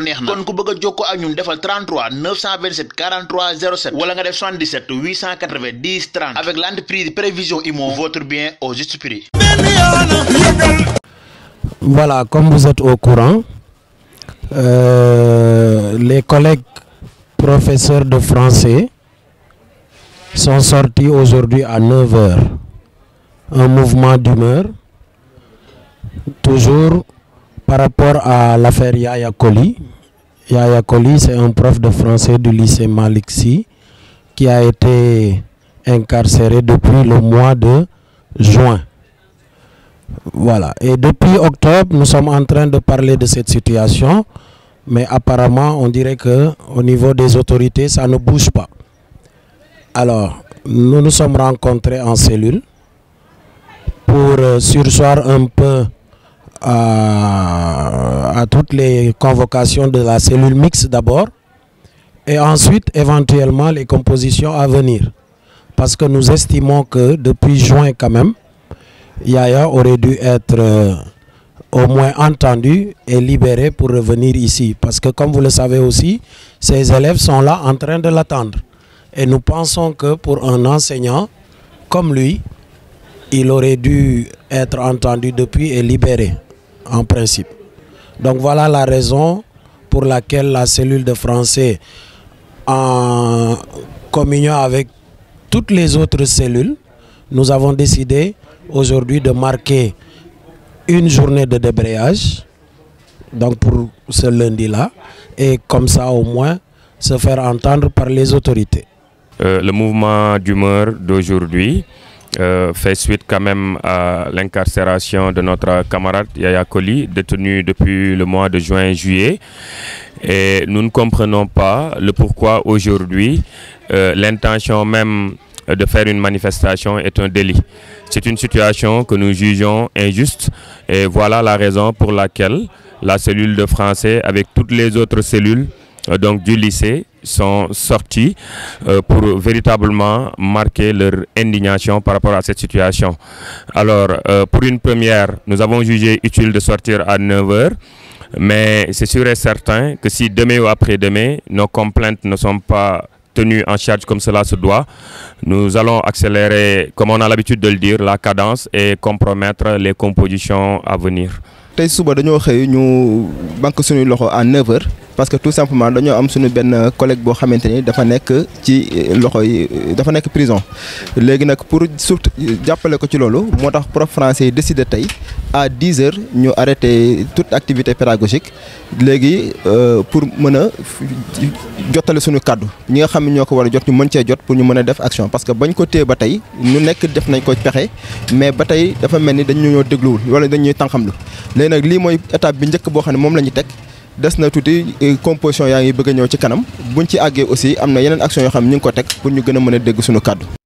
neex na kon ku bëgg a ak ñun defal 33 927 43 07 wala nga def 77 890 30 avec l'entreprise prévision immo votre bien au juste prix. Voilà, comme vous êtes au courant, euh, les collègues professeurs de français sont sortis aujourd'hui à 9h. Un mouvement d'humeur, toujours par rapport à l'affaire Yaya Koli, Yaya Koli, c'est un prof de français du lycée Malixi qui a été incarcéré depuis le mois de juin. Voilà. Et depuis octobre, nous sommes en train de parler de cette situation, mais apparemment, on dirait qu'au niveau des autorités, ça ne bouge pas. Alors, nous nous sommes rencontrés en cellule pour euh, sursoir un peu à, toutes les convocations de la cellule mixte d'abord, et ensuite éventuellement les compositions à venir. Parce que nous estimons que depuis juin quand même, Yaya aurait dû être euh, au moins entendu et libéré pour revenir ici. Parce que comme vous le savez aussi, ses élèves sont là en train de l'attendre. Et nous pensons que pour un enseignant comme lui, il aurait dû être entendu depuis et libéré en principe. Donc voilà la raison pour laquelle la cellule de français, en communion avec toutes les autres cellules, nous avons décidé aujourd'hui de marquer une journée de débrayage, donc pour ce lundi-là, et comme ça au moins se faire entendre par les autorités. Euh, le mouvement d'humeur d'aujourd'hui, euh, fait suite quand même à l'incarcération de notre camarade Yaya Koli, détenu depuis le mois de juin juillet. Et nous ne comprenons pas le pourquoi aujourd'hui euh, l'intention même de faire une manifestation est un délit. C'est une situation que nous jugeons injuste et voilà la raison pour laquelle la cellule de français avec toutes les autres cellules euh, donc du lycée sont sortis euh, pour véritablement marquer leur indignation par rapport à cette situation. Alors, euh, pour une première, nous avons jugé utile de sortir à 9h, mais c'est sûr et certain que si demain ou après-demain, nos complaintes ne sont pas tenues en charge comme cela se doit, nous allons accélérer, comme on a l'habitude de le dire, la cadence et compromettre les compositions à venir. à 9h parce que tout simplement dañoo am suñu benn collègue boo xamante ni dafa nekk ci euh, loxo euh, dafa nekk prison léegi nag pour surtout euh, jàppale ko ci loolu moo prof français yi décidé à 10h ñu arrêter toute activité pédagogique léegi pour mën a jottale suñu kàddu ñi nga xamni ñoko ñoo jot ñu mën cee jot pour ñu mëna def action parce que bañ ko téye ba tay ñu nekk def nañ ko pexé mais ba tay dafa melni ni dañ ñoo dégluwul wala dañ ñuy tànqamlu léegi nag lii mooy étape bi ñëk bo xam mom lañu la des na tuuti euh, composition yaa ngi bëgg a ñëw ci kanam buñ ci àggee aussi am na yeneen action yoo xam ñu ngi ko teg pour ñu gën a mën a dégg suñu kàddu